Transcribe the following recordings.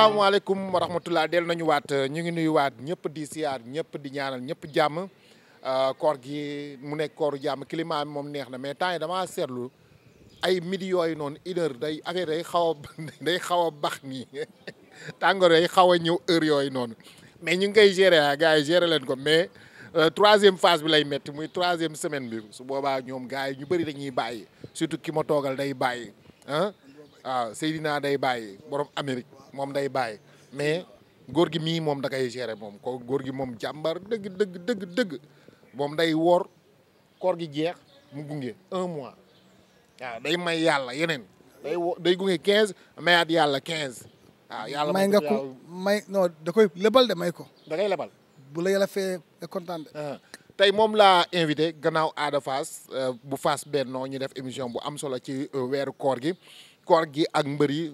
asalaamaaleykum wa rahmatulah del nañu waat ñu ngi nuyu waat ñëpp di siyaar ñëpp di ñaanal ñëpp jàmm euh, koor gi mu nekk kooru jàmm climat moom neex na mais temps yi damaa seetlu ay midi yooyu noonu une heure day affaire day xaw a day xaw a bax nii tàngoor day xaw a ñëw heure yooyu noonu mais ñu ngi koy gérer ah yi gérer leen ko mais euh, troisième phase bi lay métti muy troisième semaine bi su boobaa ñoom gars yi ñu bëri dañuy bàyyi surtout ki ma toogal day bàyyi ah waaw Seydina day bàyyi borom Amérique. moom day bàyyi mais góor gi mii moom da koy gérer moom ko góor gi moom jàmbar dëgg dëgg dëgg moom day woor koor gi jeex mu gunge un mois waaw day may yàlla yeneen day wo day gunge quinze mayaat yàlla quinze waaw yàlla may nga ko may non da koy lebal de may ko da lebal bu la yàlla fee kontaan de ah. tey moom laa invité gannaaw aada Fass euh, bu Fass Benno ñu def émission bu am solo ci euh, weeru koor gi koor gi ak mbër yi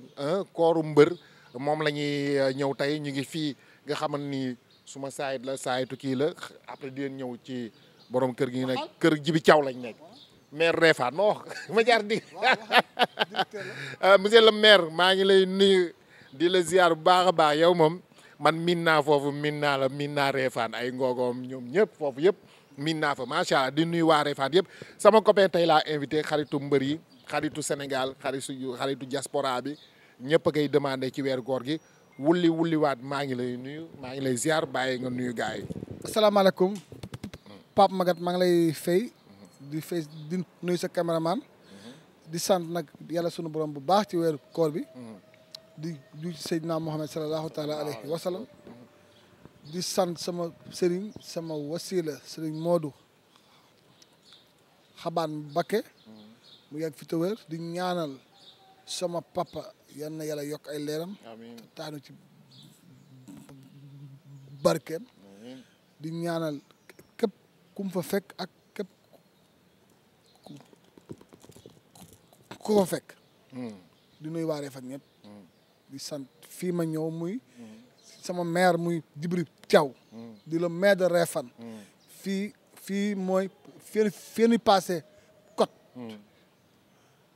kooru mbër moom la ñuy euh, ñëw tey ñu ngi fii nga xaman ni suma saayit la saayitu kii la après di leen ñëw ci borom kër gi nag kër Jibi caw lañ nekk mair Réfane ma wax ma jaar di euh, monsieur le maire maa ngi lay nuyu di la ziar bu baax a baax yow moom man miin naa foofu miin naa la miin naa Réfane ay ngoogoom ñoom ñëpp foofu yëpp miin naa fa macha di nuyu waa Réfane yëpp sama copain tey laa invité xaritu mbër yi xaritu Sénégal xaritu xaritu bi ñépp kay koy demandé ci weer goor gi wulli wulliwaat maa ngi lay nuyu maa ngi lay ziar bàyyee nga nuyu gaa yi. asalaamaaleykum Pape Magat maa ngi lay fay. di fay di nuyu sa caméraman. di sant nag yàlla sunu borom bu baax ci weer koor bi. di ju ci Seydina Mohamed sallallahu di sant sama sëriñ sama wasila sëriñ Modou xabaan Mbakke mu yàgg fi te di ñaanal sama papa yan na yàlla yokk ay leeram taanu ci barkeem di ñaanal képp kum fa fekk ak képp ku fa fekk hmm. di nuy waaree fan ñëpp hmm. di sant fii ma ñëw muy hmm. sama maire muy Djibril Thiaw di la maire de Refane fii fii mooy fii fii ni passé cot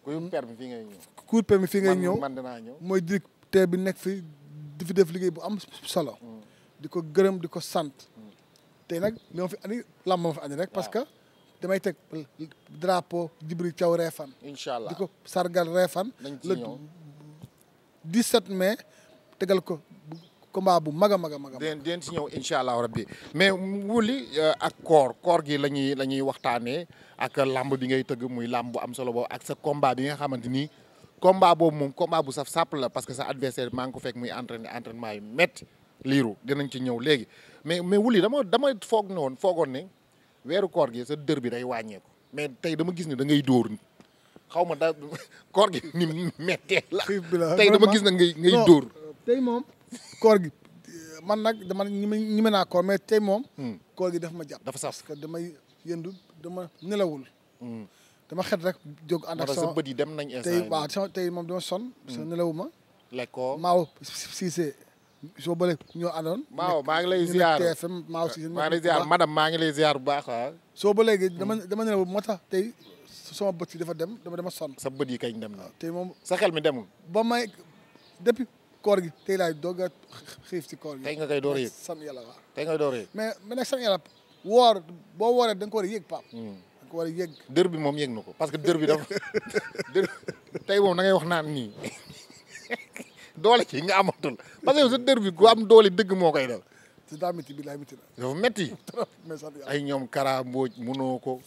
kuy fii ngay ñëw cour permis fi ngay ñëw mooy directeur bi nekk fi di fi def liggéey bu am solo mm. di ko gërëm di ko sant mm. tey nag li ma fi andi làmb ma fi andi rek parce que damay teg drapeau Djibril Thiaw Refane incha allah di ko sargal Refane di set mai tegal ko combat bu mag a mag a mag a. dinañ si ñëw incha allah rabbi mais wuli euh, ak koor koor gi la ñuy la ñuy waxtaanee ak làmb bi ngay tëgg muy làmb bu am solo boobu ak sa combat bi nga xamante nii combat boobu moom combat bu saf sàpp la parce que sa adversaire maa ngi ko fekk muy entraîné entraînement yu métti liiru dinañ ci ñëw léegi mais mais wuli dama dama foog ne woon foogoon ne weeru koor gi sa dër bi day wàññeeku mais tey dama gis ne da ngay dóor xaw ma da koor gi ni méttee la tey dama gis ne ngay ngay dóor tey moom koor gi man nag dama ñi me naa koor mais tey moom hmm. koor gi daf ma jàpp dafa saf parce que damay yëndu dama nelawul hmm. dama xet rek jóg ànd ak sama bët yi dem nañ instant tey waaw sama tey moom dama son hmm. sa nelawuma lekkoo maaw Cissé soo bële ñoo maa ngi lay ziar TFM maaw Cissé maa ngi lay ziar maa ngi lay ziar bu baax ah soo ba léegi dama hmm. dama nelaw moo tax tey sama bët yi dafa dem dama dama son sa bët yi kañ dem na ah, tey moom sa xel mi dem ba may depuis koor gi tey laay doog a xiif ci koor gi tey nga koy door a yëg sant yàlla waaw door mais mais nag sant yàlla woor boo wooree da nga ko war a yëg Pape hmm. wala yëg. dër bi moom yëg na ko parce que dër bi dafa dër tey moom da ngay wax naan nii doole ci nga amatul parce que am doole dëgg moo koy dal. si daa métti bi laay métti la. dafa ay ñoom Kara Mbodj munoo ko.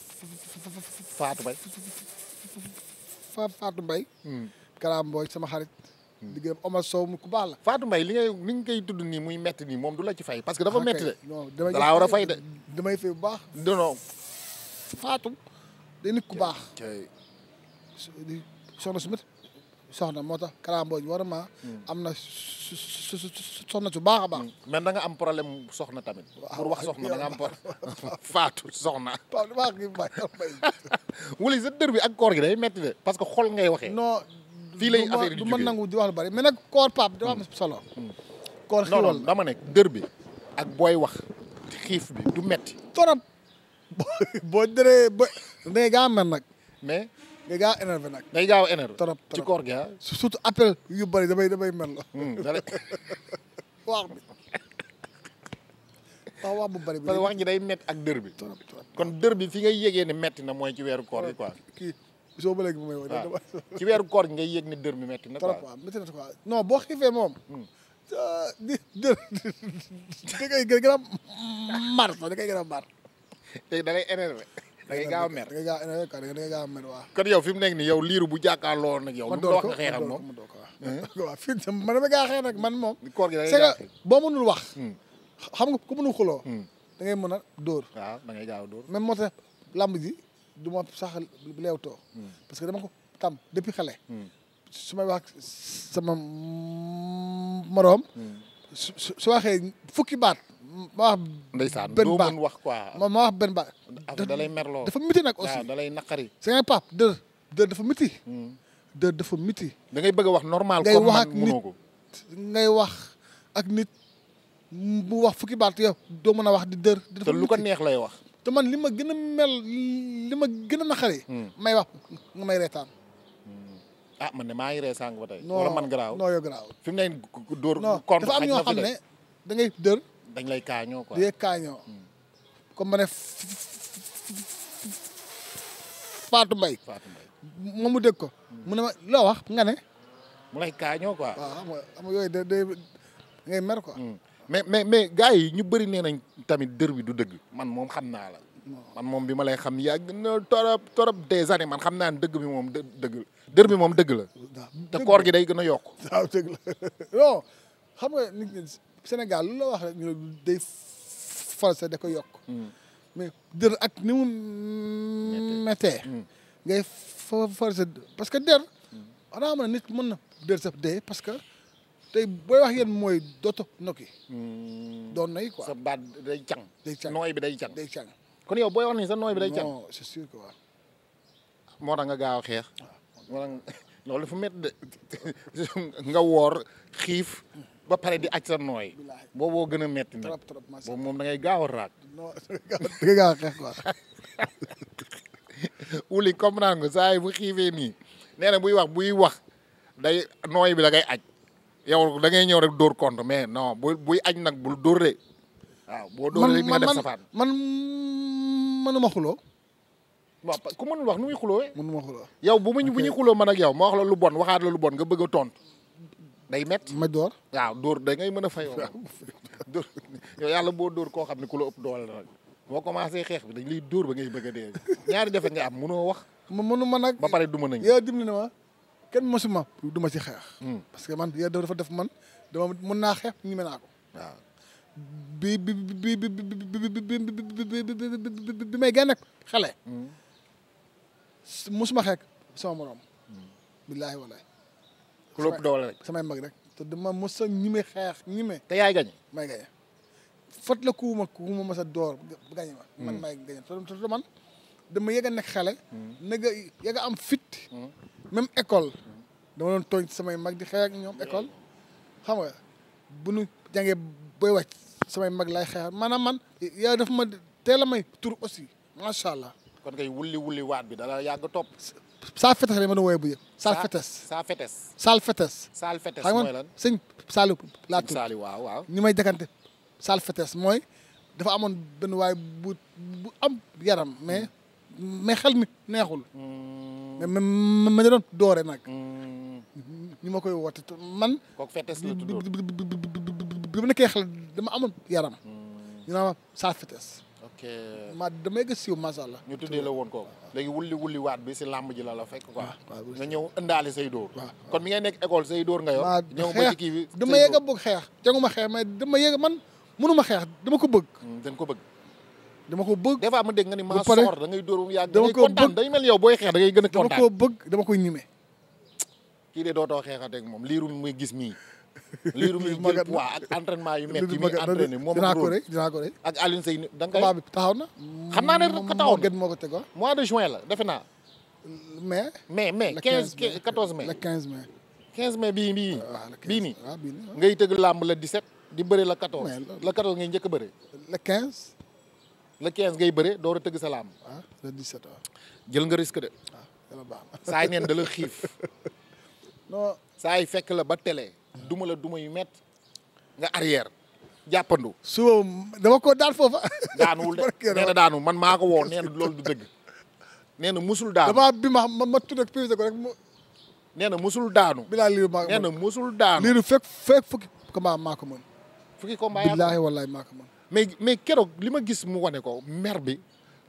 Fatou Mbaye. Fatou Mbaye. Hmm. Kara Mbodj sama xarit. Hmm. di gërëm Omar mu ku baax la. Fatou li ngay ni koy tudd nii muy métti nii moom du la ci fay parce que dafa ah, métti de. non war a fay de. damay fay bu baax. non faatu day nit ku baax. soxna su soxna moo tax karambooj war ma hmm. am na soxna su baax a baax. Hmm. mais da nga am problème soxna tamit. pour wax soxna da nga am faatu soxna. waaw li ma wax nii wala bi ak koor gi day metti de parce que xol ngay waxee. non fii lay affaire du ma nangu di wax lu bari mais nag koor paap dafa am hmm. solo. koor xiiwal dama nekk dër bi ak booy wax xiif bi du metti torop boo jëlee ba day gaa mer nag. mais day gaa énervé nag. day gaaw énervé trop ci koor gi ah. surtout appel yu bari damay damay mer la. wax bi wax wax bu bëri bi. wax ji day métti ak dër bi. trop kon dër bi fi ngay yégee ne metti na mooy ci weeru koor bi quoi. kii soo ba léegi bu may wax. ci weeru koor gi ngay yég ne dër bi métti na quoi. trop waaw métti boo xiifee moom. di dë a mar sax dangay gën a mar. léegi da lay énervé da ngay gaaw a mer da ngay gaaw a énervé da ngay gaaw a mer waaw. kon yow fi mu nekk nii yow liiru bu jàkkaarloo nag yow. ma doon ko ma doon ko ma doon ko waaw. waaw fii man dama gaa xeex nag man moom. koor gi da ngay gaa xeex boo mënul wax. Hmm. xam nga ku mënul xuloo. Hmm. da ngay mën a dóor. waaw da ngay gaaw a dóor. même moo tax làmb ji du ma sax leewtoo. Hmm. parce que dama ko tam depuis xale. su may wax sama moroom. su su waxee fukki baat. ma wax. ndeysaan doo mën wax quoi ma ma wax benn baax. da lay merloo dafa miti nag. aussi ah, da lay naqari. c'est un pape dër dër dafa miti. Hmm. dër dafa miti. da ngay bëgg a wax normal. comme man mu ko ngay wax ak nit mu wax fukki baat yow doo mën a wax di dër. te lu ko neex lay wax. te man li ma gën a mel li ma gën a naqari. Hmm. may wax nga may reetaan. Hmm. ah man ne maa ngi ree ba tey. wala man garaaw non non yow garaaw. fi mu ne dóor. contre dafa am ñoo xam ne da dër. dañ lay kaañoo quoi. di lay kaañoo. comme ma ne Fatou moom mu dégg ko. mun ne ma loo wax nga ne. mu lay kaañoo quoi. waaw xam nga xam nga hmm. mais mais mais gars yi ñu bari nee nañ tamit dër bi du dëgg. man moom xam naa la. man moom bi ma lay xam yàgg na torop torop des années man xam naa ne dëgg bi moom dë dëgg la. dër bi moom dëgg la. te koor gi day gën a yokk. waaw Sénégal loo wax rek ñu ne da ko yokk hmm. mais dër ak ni mu méttee hmm. ngay forcé parce que der hmm. xanaa xam nit mën na dër sax dee parce que te booy wax yéen mooy dootu nokki doon nay quoi sa baat day cang day cang bi day cang day kon yow booy wax ni sa nooy bi day cang non c'est moo tax nga gaaw a xeex ah. loolu dafa métti de nga woor xiif ba pare di aj sa nooy booboo gën a metti nag boobu moom dangay gaaw a raag da ngay gaaw saa yi bu xiifee nii nee na buy wax buy wax day nooy bi da ngay aj yow dangay ñëw rek dóor compte mais non buy aj nag bul dóor de waaw boo dóoree nga def safaan man manuma xuloo waaw ku mënul wax nu muy xuloo mënuma xuloo bu mu bu ñuy xuloo man ak yow ma wax la lu bon waxaat la lu bon nga bëgg a tontu day metti ma door waaw dóor da ngay mën a fayoo dóor yow yàlla boo dóor koo xam ne ku la ëpp doole la boo commencé xeex bi dañ liy dóor ba ngay bëgg a dee ñaari jafe nga am mënoo wax ma mënu ma nag ba pare duma nañ yow dimbali na ma kenn mosuma du duma si xeex parce que man yow dafa def man dama mën naa xeex ñu mel naa ko waaw bi bi bi bi bi may gën xale mosuma xeex sama morom billaahi wallaahi ku doole rek samay mag rek te dama mos a ñime xeex ñime. te yaay gañe may gañe fot la ku ma ma door gañe ma. Hmm. man may gañe te man dama yëg a nekk xale. na hmm. nga yëg a am fit. Hmm. même école. dama doon tooñ samay mag di xeex ak ñoom école. xam nga bu nu jàngee booy wàcc samay mag lay xeex maanaam man yaa daf ma teel a may tur aussi macha allah. kon kay wulli wulli waat bi dala yàgg topp. salfetes la ma doon woowee bu yëg. salfetes salfetes. salfetes. salfetes mooy lan sëñ Saliou laa tudd Saliou waaw waaw. ñu may dëkkante salfetes mooy dafa amoon benn waay bu bu am yaram mais mais xel mi neexul. mais ma ma doon doore nag. ñu ma koy woote man. kooku fetes la tudd bi bi bi bi bi bi bi bi bi bi bi bi maa ma damay gis siiw macha allah. ñu tuddee la woon kooku léegi wulli wulli waat bi si làmb ji la la fekk quoi. Ah, nga ñëw ëndaale say dóor. Ah, kon mi ngay nekk école say dóor nga yor. ñëw kii bi dama yëg a bëgg xeex jànguma xeex mais dama yëg man mënuma xeex dama ko bëgg. Hmm, dañ ko bëgg. dama ko bëgg. des fois ma dégg nga ni maa soor da ngay dóor mu yàgg. ko bëgg da ngay kontaan day mel yow booy xeex da ngay gën a kontaan. dama bëgg dama koy ñime. kii de dootoo xeexateeg moom liiru muy gis mii liiru muy jël poids ak entraînement yu métti muy entraîné moom ak ko rek dinaa ko rek ak Alioune Seye da nga koy bi taxaw na xam naa ne ko taxaw na moo ko tegoon mois de juin la defe naa mai mai mai quinze quatorze mai le quinze mai quinze mai bii bii ah, bii nii ah, ah. ngay tëgg làmb le 17 di bëre le quatorze le quatorze ngay njëkk a bëre le quinze le quinze ngay bëre door a tëgg sa làmb le 17 waaw jël nga risque de waaw saa yi neen da la xiif non saa yi fekk la ba télé duma la duma yu met nga arrière jàppandu. suba dama ko daan foofa. daanuwul de nee daanu man maa ko woo nee loolu du dëgg. nee na musul daanu damaa bi ma ma ma tudd ak pivisé ko rek mu. nee na musul daanu. bi laa liiru maa ko mën nee na musul daanu. liiru fekk fekk fukki combat maa ko mën. fukki combat yaa billaahi wallaahi maa ko mën. mais mais keroog li ma gis mu wane ko mer bi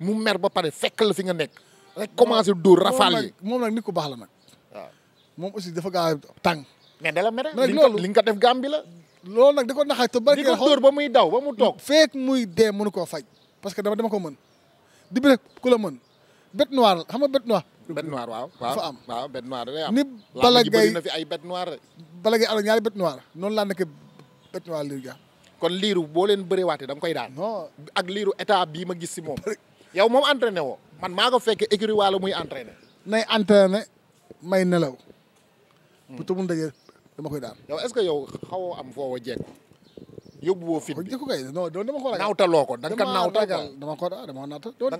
mu mer ba pare fekk la fi nga nekk. rek commencé dóor rafaal yi moom nag nit ku baax la nag. waaw moom aussi dafa gaaw tàng. mais dala mere. loolu li nga ko def gàmm bi la. loolu nag di ko naxaat te bari. ko dóor ba muy daw ba mu toog. feek muy dee mënu koo faj parce que dama dema ko mën di bi rek ku la mën bête noire xam ma bête noire. bête noire waaw waaw dafa am waaw bête noire day am. ni bala ngay na fi ay bête noire rek. bala ngay àll ñaari bête noire liir ga kon liiru boo leen bëriwaatee da nga koy daan. non ak liiru état bii ma gis si moom. yow moom entraîné woo man maa ko fekk écurie Walo muy entraîné. nay entraîné may nelaw. bu tawul ndaje. dama koy daal yow est-ce que yow xawoo am foo wa jeeg fit bi jëkku kay non dama ko naawtaloo ko da nga ko naawtal dama ko dama ko naawtal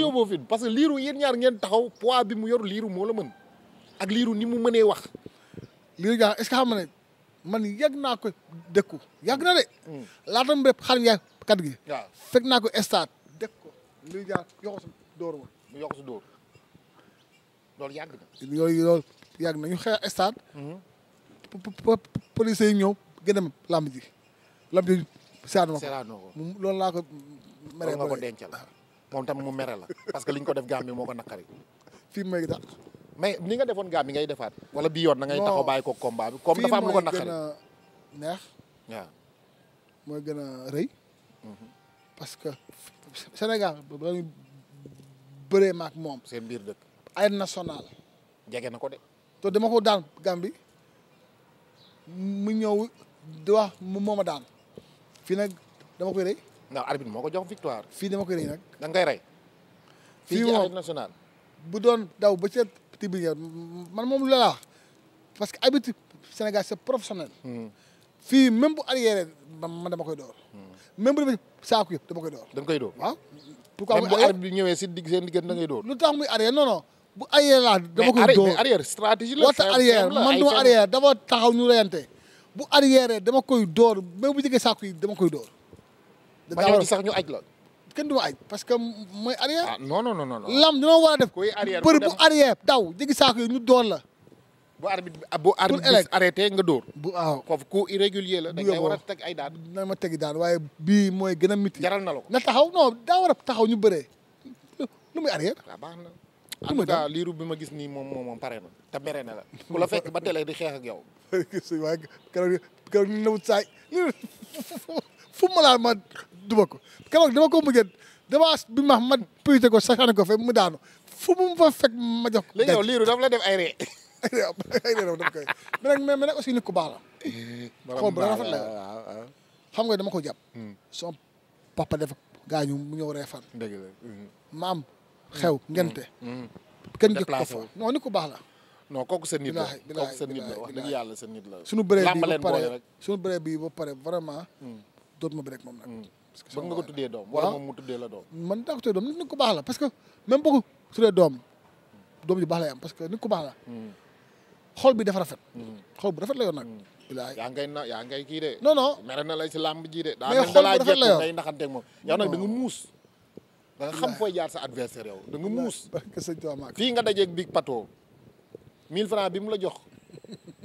fit parce que liiru yéen ñaar ngeen taxaw poids bi mu yor liiru moo la mën ak liiru ni mu mënee wax liiru jaa est-ce que xam man yàgg naa ko dëkku yàgg na de hmm. laatam bépp xar yaay kat gi fekk naa ko stade dëkk ko liiru jaa yoxo mu yokk si dóor loolu yàgg na. yooyu yàgg na ñu xeex stade. Mhm. police yi ñëw gën a làmb ji. làmb ji seeraanoo ko seeraanoo ko loolu laa ko. meree nga ko dencal moom tam mu mere la parce que liñ ko def gaam bi moo ko naqari. fii may tax. mais ni nga defoon gaam bi ngay defaat. wala bii yoon da ngay taxaw bàyyi ko combat bi. comme dafa am lu ko naqari neex. waaw mooy gën a rëy. Mhm. parce que Sénégal bëree maak moom. seen biir dëkk. arène nationale. jege na ko de. te dama ko daan Gàmbi mu ñëw di wax mu moom a daan fii nag dama koy rey. ndax arbitre moo ko jox victoire. fii dama koy rey nag. da ngay rey. fii ci bu doon daw ba ca man moom la parce que arbitre Sénégal c'est professionnel. Hmm. fii même bu arrière ma dama koy door. même bu demee saako yëpp dama koy door. koy door waaw. pourquoi muy arrière bi ñëwee si digg seen diggante da muy arrière non non bu arrière laa dama koy door mais arrière stratégie duma arrière dama taxaw ñu reyante bu arrière dama koy door même bu jege saako yi dama koy door. ma ñëw sax ñu aj la. kenn du ma parce que mooy arrière. ah non non non non. lam dina war a def. kuy arrière bu dem bu arrière daw jege saako yi ñu door la. bu arbitre bi arbitre arrêté nga dóor. bu waaw foofu coup irrégulier la. dañ lay war a teg ay daan na ma tegi daan waaye bii mooy gën a miti. jaral na la ko na taxaw non daa war a taxaw ñu bëree nu muy arrière. waaw ah, baax na en tout liiru bi ma gis nii moom moom moom pare na te mere na la ku la fekk ba télé di xeex ak yow. waaye na keroog ñu newut saay fu ma ma duma ko keroog dama ko bëggee dama bi ma ma puyte ko saxane ko fe mu daanu fu mu fa fekk ma jox ko. léegi yow liiru daf la def ay ree ay ay réew dama koy mais nag mais nag aussi nit ku baax la. xool bu xam nga dama ko jàpp. son papa def gaañu mu ñëw ree fan. dëgg maam xew ngente. kenn jëkk ko fa non nit ku baax la. non kooku seen nit la kooku seen nit la wax dëgg yàlla seen nit la. suñu bëree bii ba pare suñu bëree bii ba pare vraiment. dootuma bi moom nag. parce que bëgg nga ko tuddee doom wala la doom. man daa ko tuddee doom baax la parce que même bu ko tuddee doom doom ju baax lay parce que nit ku baax la. xool bi dafa rafet. Mm. xol bu rafet la yor nag. Mm. yaa ngay na yaa ngay kii de. non non mere na lay si làmb jii de. mais xol bu rafet la yor daa mel ndaxanteeg moom. yow nag da muus. da xam fooy jaar sa adversaire yow da nga muus. fii nga dajeeg biig pato. 1000 francs bi mu la jox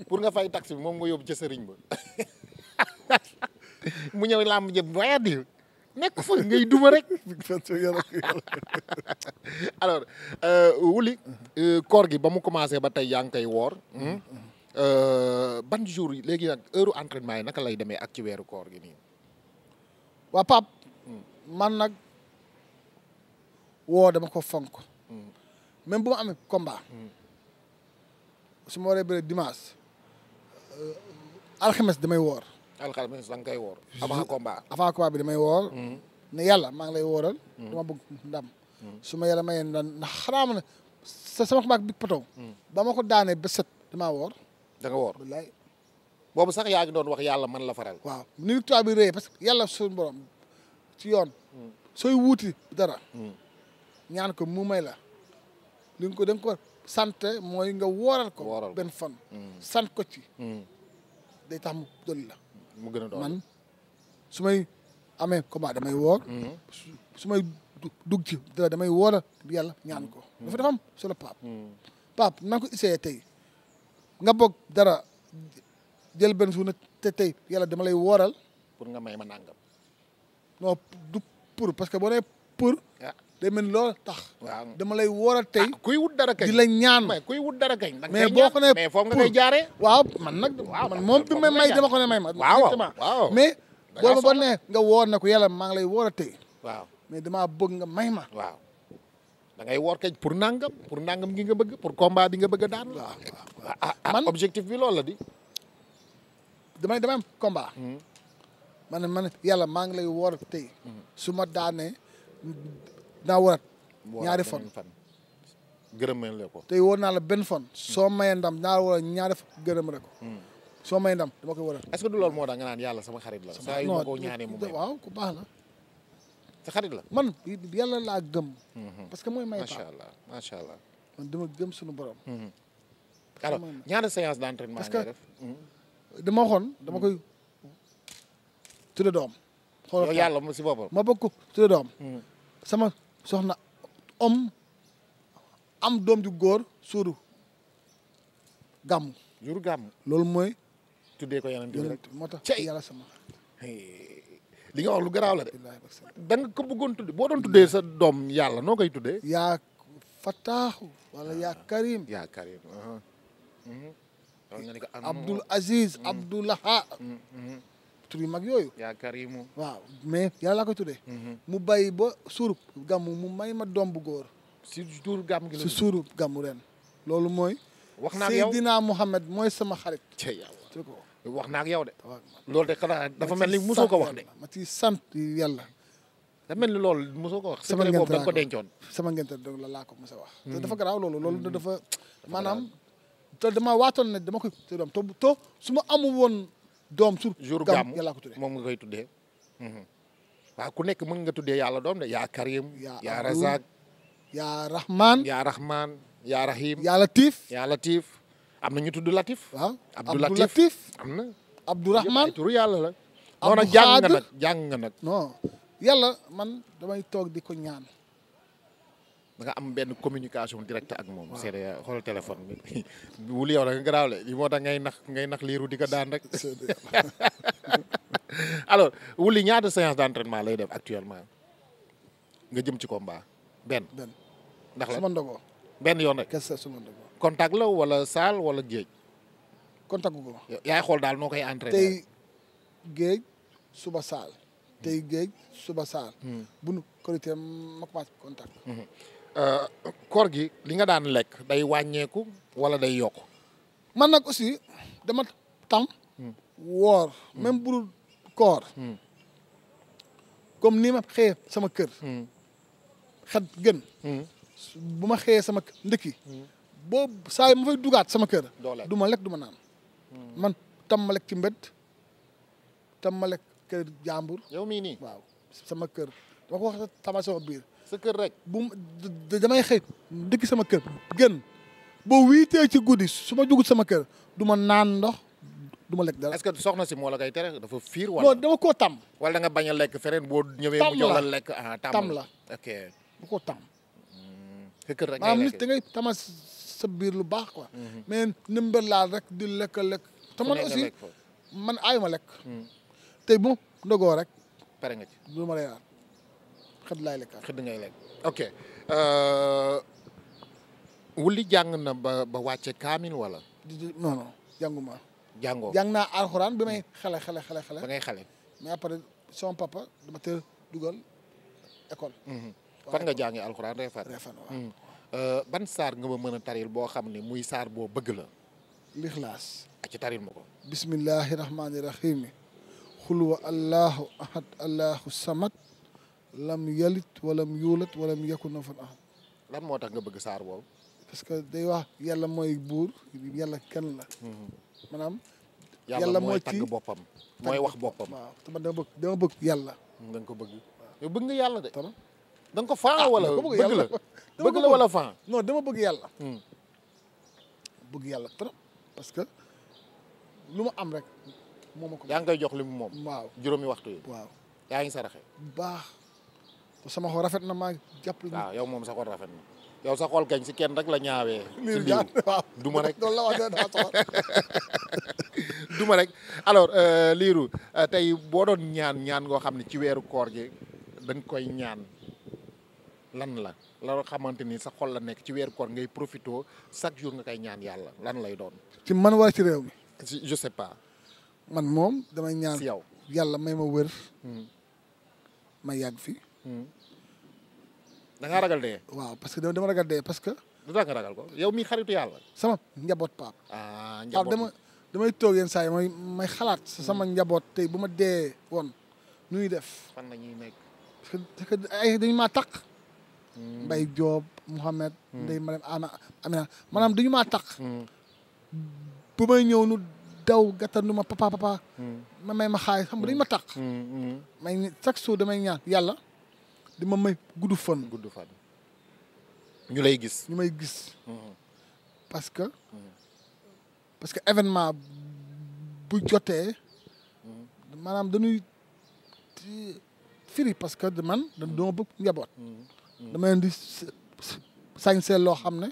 pour nga fay taxi bi moom nga yóbbu ca sëriñ ba mu ñëw làmb ji weer di. nekk fa ngay duma rek. alors euh, Wouly euh, koor gi ba mu commencé ba tey yaa ngi koy woor. Hmm? Mm-hmm. Euh, ban jour yi léegi nag heure entraînement yi naka lay demee ak ci weeru koor gi nii. waa pap man nag woo dama ko fonk. Mm-hmm. même bu ma amee combat. Mm-hmm. su ma waree bëre dimanche. alxames damay woor. alxames da nga koy woor. avant combat avant bi damay woor. Hmm. ne yàlla maa ngi lay wooral. Hmm. dama bëgg ndam. Hmm. su ma yàlla mayee ndam ndax xanaa ma ne sa sama xabaar bi poto. ba ma ko daanee ba set damaa woor. da woor wallaay. boobu sax yaa ngi doon wax yàlla man la faral. waaw ni victoire bi rëy parce que yàlla suñu borom ci yoon. sooy wuuti dara. ñaan ko mu la. li ko da nga mooy nga wooral ko. benn fan. sant ko ci. day tax mu dolli la. mu gën a doon man su may amee combat damay woor. Mhm. su may dugg ci dara damay woor yàlla ñaan ko. Mhm. dafa dafa am solo Pape. Mhm. Pape naa ko essayé tey nga bokk dara jël benn suuna te tey yàlla dama lay wooral. nga may ma nangam. parce que boo nee pour. Ah. day mel ni loola tax. dama lay wóor a tey. kuy wut dara di la ñaan. kuy wut dara kañ. mais boo ko ne mais foofu nga koy jaaree. waaw man nag man moom bi may may dama ko ne may ma. waaw mais. boo ma ba ne nga woor na ko yàlla maa ngi lay wóor a tey. waaw mais damaa bëgg nga may ma. waaw woor kañ pour nangam pour nangam gi nga bëgg pour combat bi nga bëgg a daan. waaw ah, ah, man objectif bi loolu la di. damay damay am combat. Hmm. man man yàlla maa ngi lay wóor a tey. Hmm. su ma daanee. dinaa warat ñaari fan gërëmee la ko te war naa la benn fan soo mayee ndam dinaa war a ñaari fan gërëm la ko hmm. soo may ndam dama ko waral est-ce que du loolu moo tax naan yàlla sama xarit la saa yu ma ko ñaanee mu may waaw ku baax la sa xarit la man yàlla laa gëm hmm. parce que mooy may macha allah macha allah man suñu borom hmm. alors ñaata séance d'entraînement parce que dama waxoon dama koy tudde doom xoolal yàlla si boppam ma bëgg ko tudde doom sama soxna om am doom ju góor suuru gàmm. jur gàmm loolu mooy. tuddee ko yeneen rek moo tax yàlla sama. li nga wax lu garaaw la de. da nga ko bëggoon tuddee boo doon tuddee sa doom yàlla noo koy tuddee. yaa Fataaxu. wala yaa ah, Karim. yaa Karim. Uh-huh. Mm-hmm. Abdul Aziz mm-hmm. Abdulaha. tur yu mag yooyu. yaa Karimu. waaw mais yàlla laa koy tuddee. Mhm. mu bàyyi ba suurub gàmmu mu may ma doom bu góor. si suur gàmm gi si suur gàmmu ren. loolu mooy. wax naa ak yow Seydina Mohamed mooy sama xarit. wax naa ak yow de. loolu de xanaa dafa mel ni mosoo ko wax de. ma ciy sant yàlla. dafa mel ni loolu mosoo ko wax. sama ngente boobu da nga ko la laa ko mos a wax. te mhm. dafa garaaw loolu loolu mhm. dafa maanaam. te dama waatoon ne dama koy su ma amu woon doom sur jour gàmm yàlla ko tuddee moom nga koy tuddee mhm. waaw ku nekk mën nga tuddee yàlla doom de yaa karim yaa razak yaa rahman yaa rahman yaa rahim yaa latif yaa am na ñu tudd latif waaw abdou latif am na abdourahman turu yàlla la noonu jàng nga nag yàlla man damay toog di ko ñaan da am benn communication direct ak moom. waaw c'est xool téléphone bi. yow da nga garaaw le li moo tax ngay nax ngay nax liiru di ko daan rek. alors wuli ñaata séance d'entraînement lay def actuellement nga jëm ci ko benn. benn ndax la sama benn yoon rek kese sama contact la wala saal wala géej. contact gu ma. yaay xool daal noo koy entraîné. tey géej suba saal. Hmm. tey géej suba saal. bu nu contact. Hmm. Euh, koor gi li nga daan lekk day wàññeeku wala day yokk man nag aussi dama tam hmm. woor même bu dul koor hmm. comme ni ma xëyee sama kër hmm. xet gën bu ma xëyee sama ndëkki boobu saa yi ma fay dugaat sama kër du ma lekk duma naan man tam ma lekk ci mbedd tam ma lekk kër jàmbur yow mii nii waaw sama kër dama ko wax sama biir sa kër rek bu damay xëy dëkk sama kër gën boo wiitee ci guddi su ma jugut sama kër du ma naan ndox duma lekk dara. est-ce soxna si moo la koy tere dafa fiir wala. non dama koo tam. wala da nga bañ a lekk feneen boo ñëwee. mu jox la lekk ah tam la ok bu ko tam. sa biir lu baax quoi. Mm-hmm. mais nëmbal laal rek di lekk lekk. te man aussi man aayuma lekk. Mm. tey bu ndogoo rek. pare nga ci lu xëdd laay lekk xëdd ngay lekk ok euh, wuli jàng na ba ba wàcce kaamil wala. non jànguma. jàngoo jàng naa alxuraan bi may xale xale ba ngay xale. mais après sama papa dugal école. Mhm. Mhm. Euh, ban saar nga ma mën a taril boo xam ne muy saar boo bëgg la. lixlaas. a taril ma ko. bismillahi rahmaani rahim. allahu ahad allahu samad. lam yalit walam yuulat mu yakun na fan ahad lan moo tax nga bëgg saar boobu parce que day wax yàlla mooy buur yàlla kenn la mhm. maanaam yàlla mooy tagg boppam mooy wax boppam waaw dama dama bëgg dama bëgg yàlla da ko bëgg bëgg nga yàlla de da nga ko faa ah, wala bëgg la wala faa non dama bëgg yàlla hmm. yàlla trop parce que lu ma am rek moo ma ko yaa ngi koy jox li mu moom juróomi waxtu yi waaw yaa ngi saraxe baax sama xol rafet na maa jàppale. waaw yow moom sa xol rafet na yow sa xol kañ si kenn rek la ñaawee. liir waaw du rek loolu la wax dëgg du ma euh, liiru euh, tey boo doon ñaan ñaan ngoo xam ne ci weeru koor gi da koy ñaan lan la la xamante ni sa xol la nekk ci weeru koor ngay profité chaque jour nga koy ñaan yàlla lan lay doon. ci man wala ci réew mi. je sais pas. man moom damay ñaan yow yàlla may ma wër. Hmm. ma yàgg fi. da ngaa ragal dee. waaw parce que dama ragal dee parce que. lu tax ragal ko yow mi xaritu yàlla. sama njaboot Pape. ah dama damay toog yenn saa yi may may xalaat. sama hmm. njaboot tey bu ma dee woon nuy def. fan la ñuy nekk. ay dañu maa taq. Hmm. mbay Diop Mouhamed. Hmm. Ndeye Mariam maanaam dañu maa taq. bu may ñëw nu daw gàttandu ma papa papa. ma may ma xaay xam nga dañu ma taq. may chaque jour damay ñaan yàlla. li ma may gudd fon gudd fan ñu lay gis. ñu may gis. Mhm. parce que mhm. parce que événement bu jotee mhm. maanaam dañuy firi parce que man dama bëgg njaboot. dama leen di sañseel loo xam ne.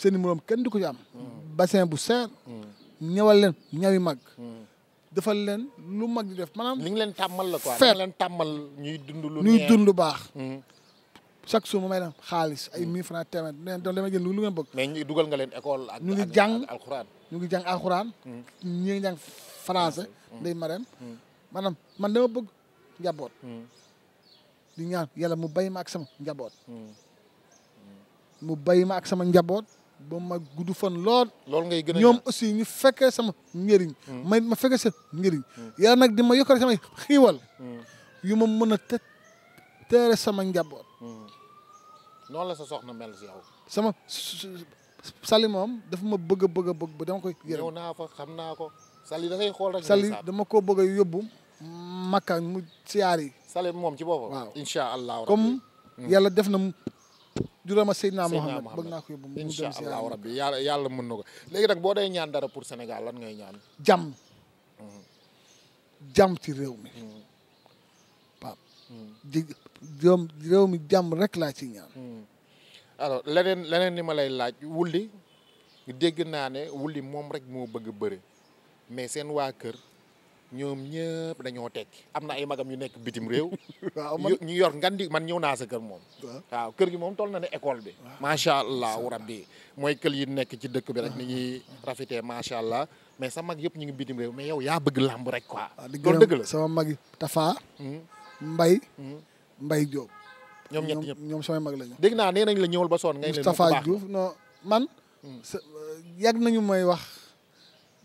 seeni i moroom kenn du ko ci am. bassin bu seer. ñëwal leen ñawi mag. defal leen lu mag di def maanaam. ni ngi leen tàmmal la quoi ni ngi leen tàmmal ñuy dund lu ñuy dund baax. Mm-hmm. chaque jour mu may dem xaalis ay 1000 mm-hmm. francs téeméer nee doon jël lu ngeen bëgg. mais ñu nga leen école ak ñu ngi jàng alxuraan ngi jàng alxuraan. ñu ngi jàng mm-hmm. français. maanaam man dama bëgg yàlla mu bay ma ak sama njaboot. mu bay ma ak sama njaboot. ba ma gudd fan lool. loolu ngay gën a ñoom aussi ñu fekkee sama njëriñ. Hmm. may ma fekkee seen njëriñ. Hmm. yàlla nag di ma yokkal sama xiiwal. Hmm. yu ma mën a te teere sama njaboot. noonu la sa soxna mel si yow. sama sali moom dafa ma bëgg a bëgg bëgg ba dama koy. yërëm naa fa xam naa ko. sali da ngay xool rek. sali dama ko bëgg a yóbbu. makka mu siyaar yi. sali moom ci boppam. waaw incha allah comme yàlla def na juróom juróoma Seydina Mohamed bëgg naa ko yóbbu mu incha allahu rabbi yàlla yàlla mun na ko léegi nag boo day ñaan dara pour Sénégal lan ngay ñaan jàmm hmm. jàmm ci réew mi hmm. Pape hmm. di réew mi jàmm rek laa ci ñaan alors leneen leneen li ma lay laaj wulli dégg naa ne wulli moom rek moo bëgg bëri mais seen waa kër ñoom ñëpp dañoo tekki am na ay magam yu nekk bitim réew. waaw ñu yor ngan di man ñëw naa sa kër moom. waaw kër gi moom toll na ne école bi. macha allah rabbi mooy kël yi nekk ci dëkk bi rek ni ñuy rafetee macha allah mais sa mag yëpp ñu ngi bitim réew mais yow yaa bëgg làmb rek quoi. loolu dëgg la sama mag Tafa. Mbay. Hmm. Mbay hmm. Diop. ñoom ñett ñëpp ñoom samay mag lañu. dégg naa nee nañ la ñëwul ba sonn ngay leen. Moustapha Diouf non man. Hmm. yàgg nañu may wax.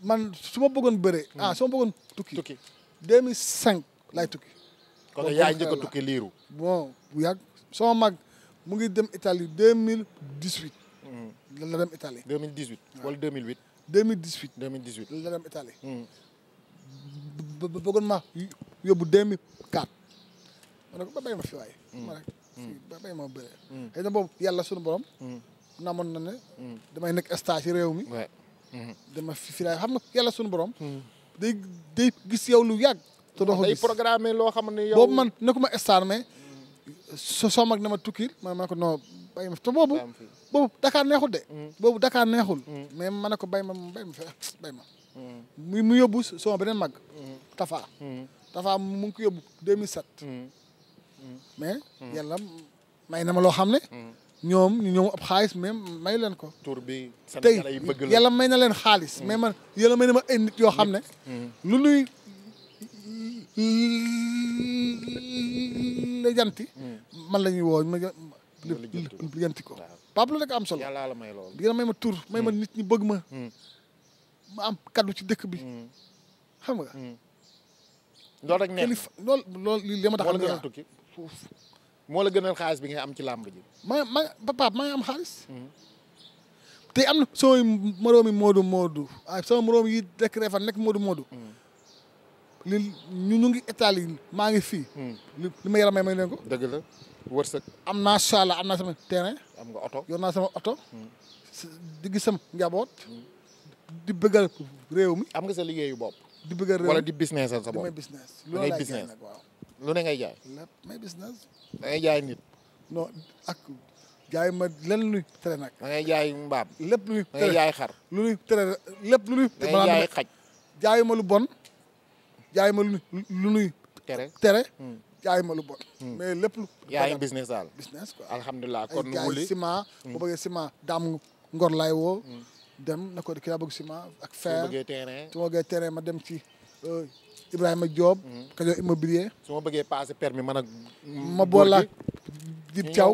man su ma bëggoon bëree. Hmm. ah su ma bëggoon tukki. tukki 2005 laay tukki. kon yaa njëkk a tukki liiru. bon bu yàgg sama mag mu ngi dem Italie 2018. lan hmm. la dem Italie. 2018 wala 2008. 2018 2018 la dem Italie. Hmm. bëggoon ma yóbbu 2004. ma ne ko ba bay ma fi waaye. ma rek ba bay ma bëree. xëy na boobu yàlla sunu borom. namoon na ne. damay nekk stage si réew mi. Mm-hmm. dama fi laay xam nga yàlla suñu borom. Mm-hmm. day day gis yow lu yàgg. te doo gis programmé loo xam ne yow. boobu man nekkuma star mais. Mm-hmm. so soo mag na ma tukki man ma ne ko non bay ma te boobu. boobu neexul de. boobu Dakar neexul. mais ma ne ko bay ma bay ma fii ah, bay ma. mu yóbbu soo beneen mag. Tafa. Tafa mu ngi ko yóbbu 2007. mais yàlla may na ma loo xam ne. ñoom ñu ñëw ab xaalis même may leen ko. tur bi sénégalais yi bëgg la tey yàlla may na leen xaalis. Mm. mais man yàlla may na ma ay nit yoo xam ne. Mm. lu nuy la janti. Mm. man la ñuy woo ma janti ko. Pape la am solo yàlla la may lool. yàlla may ma tur may ma nit ñi bëgg ma. ma am kaddu ci dëkk bi. xam nga. loolu rek nee lool loolu loolu li ma tax. wala nga tukki moo la gënal xaalis bi ngay am ci làmb ji. maa ma papa maa ngi am xaalis. Mhm. te am na samay moroomi moodu Modou ah sama moroom yi nekk Réfane nekk Modou Modou. li mhm. ñu ñu ngi Italie maa ngi fii. Mhm. li li ma yaram may may leen ko. dëgg la wërsëg. am naa saala am naa sama terrain. am nga oto yor naa sama oto. di gis sam njaboot. di bëggal réew mi. am nga sa liggéeyu bopp. di bëggal réew mi wala di business sa bopp. di may business. loolu laay business waaw. lu ne ngay jaay. lépp may business. da jaay nit. non ak jaay ma lenn luy tere nag. da jaay mbaam. lépp luy tere lu luy tere lépp lu luy. jaay xaj. bon jaay ma lu tere tere. Hmm. jaay ma lu bon. Hmm. mais lépp lu. yaa ngi business daal business quoi. alhamdulilah kon wuli ay ciment. Hmm. bu bëggee ciment daam ngor laay woo. dem na ko ki laa bëgg ciment ak fer. su ma bëggee terrain ma dem ci. Euh, Ibrahima Diop. Mhm. Kajoor immobilier. su ma bëggee passé permis man ak. ma boole ak Dip Thiaw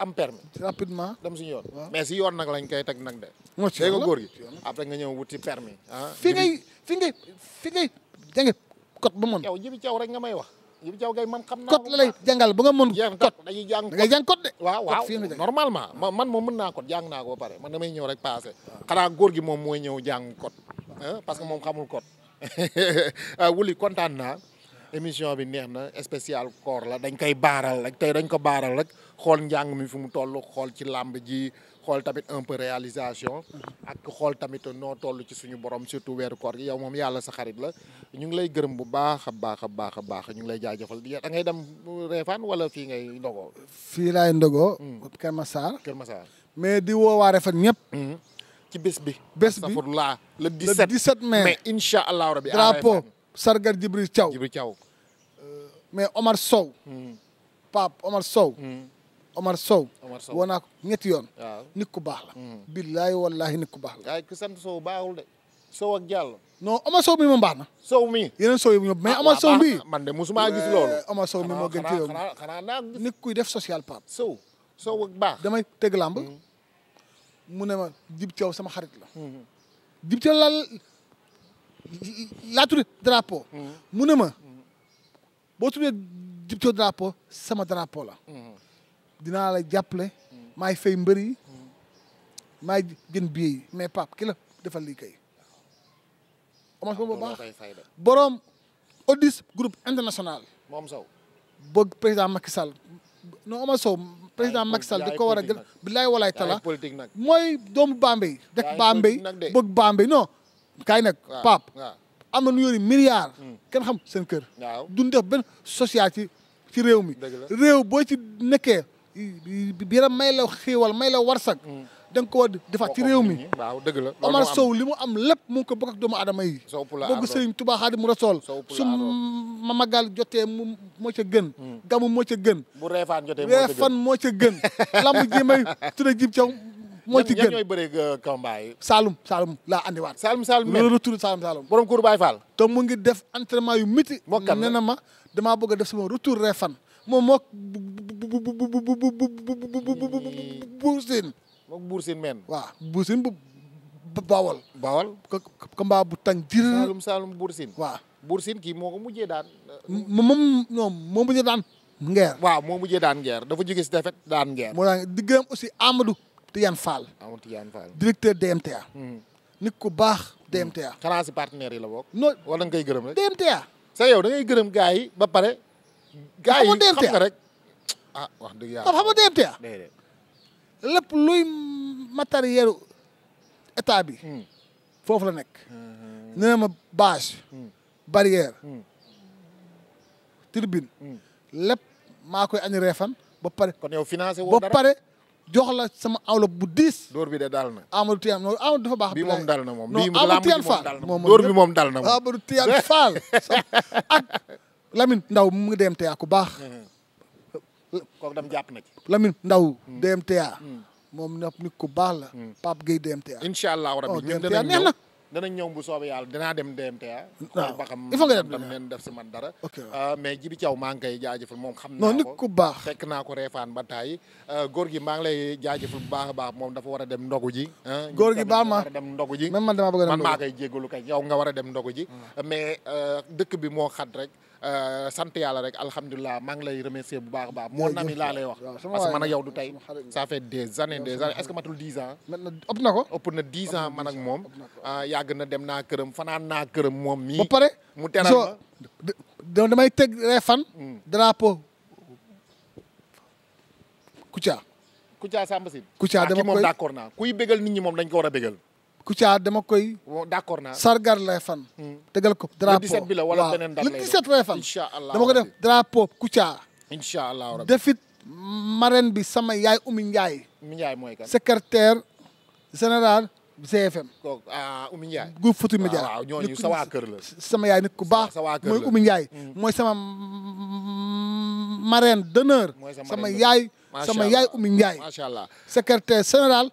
am permis rapidement dem suñu yoon. mais si yoon nag lañ koy teg nag de. moom si yoon gi après nga ñëw wuti permis ah fi ngay fi ngay fi ngay jànge code ba mën. yow Dip Thiaw rek nga may wax. Dip Thiaw kay man xam naa code ba nga mën. code dañuy jàng da ngay jàng code de. waaw waaw normalement man moom mën naa code jàng naa ko ba pare man damay ñëw rek passé. xanaa góor gi moom mooy ñëw jàng code. Ah, parce que moom xamul code. Ah, wuli kontaan naa émission bi neex na spécial koor la dañ koy baaral rek tey dañ ko baaral rek xool njàng mi fi mu toll xool ci làmb ji xool tamit un peu réalisation ak xool tamit noo toll ci suñu borom surtout weer koor gi yow moom yàlla sa xarit la ñu ngi lay gërëm bu baax a baax a baax a baax ñu ngi lay jaajëfal da ngay dem Réfane wala fii ngay ndogoo. fii laay ndogoo. Hmm. Kër Massar mais di woo waa ci bés bi. bés bi astafurlah le 17 le 17 mai mais incha allahu rabi. drapeau sargal Djibril Thiaw Djibril euh, mais Omar Sow. Hmm. Pape hmm. Omar Sow. Omar Sow. Omar Sow woo naa ko ñetti yoon. waaw ku baax la. Hmm. billaahi wallaahi nit ku baax la. sant Sow baaxul de. Sow ak Diallo. non Omar Sow mi moom baax na. Sow mi yeneen Sow yi mais ah, Omar Sow bi man de musuma gis eh, loolu. Omar Sow mi moo gën ci yow nit kuy def social Pape. Sow Sow ak baax damay teg mu ne ma Dib Thiaw sama xarit la. Mm-hmm. Dib Thiaw laa laa tuddee drapeau. Mm-hmm. mu ne ma mm-hmm. boo tuddee Dib Thiaw drapeau sama drapeau la. dinaa la jàppale. maay fay mbër maa maay jën billet yi mais Pape ki la defal lii kay. Ah, borom Odis groupe international. moom saw bëgg président non Omar Sow président Macky Sall di ko war a gën bilaay walaay tala mooy doomu Bambey dëkk Bambey bëgg Bambey non kaay nag Pape am na nu yori milliards hmm. kenn xam seen kër duñ def benn social ci réew mi réew boo ci nekkee biram may la xiiwal may la warsak hmm. da nga ko war defaat ci réew mi waaw dëgg la Omar Sow li mu am lépp mu ngi ko bokk ak doomu aadama yi bëgg sëriñ Tuubaa Xaadimu Rasuul su ma magal jotee mu moo ca gën gamu moo ca gën bu reefaan jotee reefaan moo ca gën lamb ji moo ci gën ñooy bëree combat yi Saalum Saalum laa andiwaat Saalum Saalum loolu retour Saalum Saalum borom Kour Baye Fall te mu ngi def entraînement yu miti nee na ma damaa bëgg def sama retour reefaan moom moo bu bu bu bu bu bu bu bu bu bu bu bu moom buur siin meen. waa buur siin bu bawal. bawal ka mbaa bu tàng jir. saalum saalum buur siin. waaw buur siin kii moo ko mujjee daan. Euh, moom non moo mujjee daan. ngeer waaw moo mujjee daan ngeer dafa jóge si defet daan ngeer. moo daan diggam aussi Amadou Tidiane Fall. Amadou Tidiane Fall directeur DMTA. Hmm. nit ku baax DMTA. Hmm. xanaa si partenaire yi la bokk. non wala nga koy gërëm rek DMTA. sa yow da gërëm gars yi ba pare. gars yi xam ah, wax dëgg yàlla xam nga DMTA. lépp luy matériel état bi. Hmm. foofu la nekk. Hmm. nee na ma bâche. Hmm. barrière. tribune. lépp maa koy añ reefan ba pare. kon woo ba pare jox la sama enveloppe bu diis. dóor bi de daal na. Amadou Tiam non Amadou dafa baax. bi moom dal na moom bii Amadou Tiam Fall moom dóor bi moom dal na moom. Amadou Tiam Fall ak Lamine Ndaw mu ngi dem te yaa ku baax. kooku dam jàpp na ci. Lamine Ndaw hmm. DMTA. Hmm. moom nag nit ku baax la. Hmm. Pape Gueye DMTA. incha allah rabi oh, ñun danañ ñëw oh danañ ñëw bu soobee yàlla dinaa dem DMTA. waaw il faut nga dem dam leen def si man dara. Ah, mais Jibi Thiaw maa ngi koy jaajëfal moom xam naa ko non nit ku baax. fekk naa ko reefaan ba taay ah, góor gi maa ngi lay jaajëfal bu baax a baax moom dafa war a dem ndogu ji. Ah. góor gi baax ma war a dem ndogu ji man man damaa bëgg a dem ndogu man maa koy jégalu kay yow nga war a dem ndogu ji. mais dëkk bi moo xat rek. Euh, sant yàlla rek alhamdulilah maa ngi lay remercier bu baax a baax. mon ami laa lay wax. parce que man ak yow du tey ça fait des années des années est ce que matul dix ans. ëpp na ko ëpp na dix ans moom. Ah, yàgg na dem naa këram fanaan naa këram moom mii. ba pare mu teral ma damay teg fan. Hmm. drapeau Kouthia. Kouthia Samba Sine. Kouthia ah, dama koy moom d'accord na kuy bégal nit ñi moom dañ ko war a bégal. Kouthia dama koy. woo sargar lay fan. Hmm. tegal ko drapeau le bi la wala beneen date lay le 17 defit marraine bi sama yaay Oumy Ndiaye. Oumy Ndiaye mooy kan secrétaire général GFM. kooku ah Oumy ah, sa waa sama yaay nit ku baax. sa waa kër la mooy Oumy Ndiaye. Hmm. mooy sama marraine d'honneur. sama yaay. sama yaay Oumy général.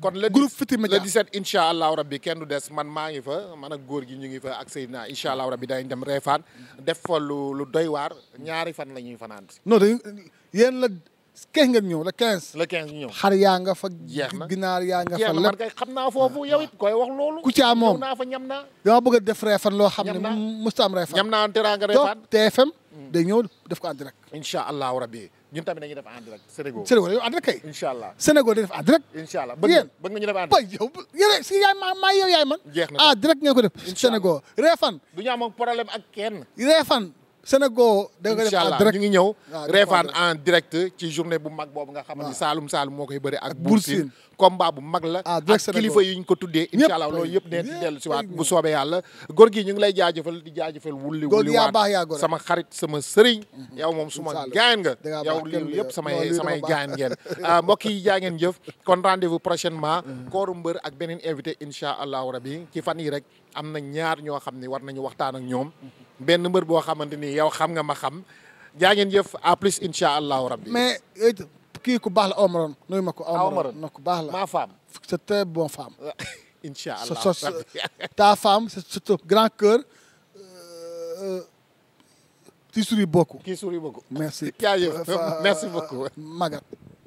kon le groupe Futurs Médias le 17 incha allahu rabbi kenn du des man maa ngi fa man a góor gi ñu ngi fa ak Seydina incha allahu rabbi dañ dem reefaan def fa lu lu doy waar ñaari fan la ñuy fanaan si. non de yéen la kees ngeen ñëw la 15. le 15 ñëw xar yaa nga fa. jeex na ginaar yaa nga fa lépp xam naa foofu yow it wax loolu. ku caa moom naa fa ñam naa. dama bëgg a def reefaan loo xam ne mosut am reefaan. ñam naa teraanga reefaan. TFM. day ñëw def ko en direct. incha allahu rabbi. ñun tamit dañuy def en direct Sénégal Sénégal yow en direct kay. incha allah Sénégal day direct. incha allah bëgg ñu def en ah, direct waaye na en direct ngeen ko def. incha allah Sénégal reefan. du ñu am problème ak kenn. reefan Sénégal da nga def en direct ngi ñëw ah, reefaan en direct ci journée bu mag boobu nga xam ni ah. Saalum Saalum moo koy bari ak Bour Sine combat bu mag la ah, ak kilifa yi ñu ko tuddee incha allah loolu yëpp nee ci dellu bu soobee yàlla góor gi ñu ngi lay jaajëfal di jaajëfal wulli wulli waat sama xarit sama sëriñ mhm. yow moom su ma gaayan nga yow lii yëpp samay samay gaayan ngeen mbokk yi jaa ngeen jëf kon rendez-vous prochainement mhm. kooru mbër ak beneen invité incha allahu rabi ci fan yi rek am na ñaar ñoo xam ne war nañu waxtaan ak ñoom mhm. benn mbër boo xamante ni yow xam nga ma xam jaa ngeen jëf à plus incha allahu rabbi. mais eh, kii ku baax la Omron nuyu ma ko. Omron na ku baax la ma femme. c'est très bon femme. incha allah sa ta femme c'est grand cœur. qui euh, euh, sourit beaucoup. qui sourit beaucoup. merci. jaajëf merci beaucoup. Maguette.